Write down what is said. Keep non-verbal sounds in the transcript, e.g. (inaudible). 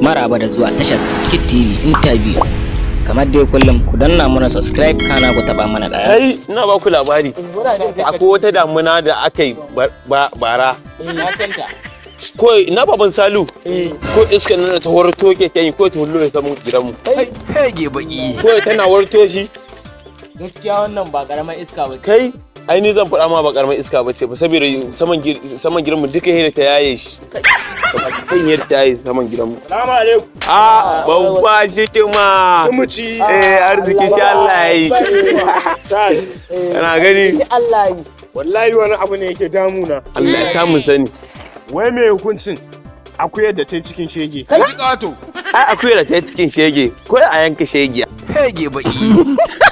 maraba da zuwa tashar skit tv interview kamar dai kullum ku danna mana subscribe kana ku taba mana daya kai ina ba ku labari akwai wata damuna da aka yi bara eh, ko ina baban salu eh. ko iska nan ta warto ke kai ko ta hullo ta mun gidan mu kai ge baki ko tana warto shi gaskiya wannan ba karamar iska ba kai ai ni zan faɗa ma ba karamar iska ba ce ba saboda saman girman duka hira ta yaye shi kan yadda ya yi saman gidanmu. Salamu alaikum. A babba shi kima. Kumuci. Eh arziki shi Allah ya yi. Kana gani? Allah yi. Wallahi wani abu ne yake damuna. Allah ya samu sani. Wai me hukuncin? Akuyar da ta yi cikin shege. Kai ji ƙato. Ai akuyar da ta yi cikin shege. Ko a yanka shege. Shege baki. (laughs)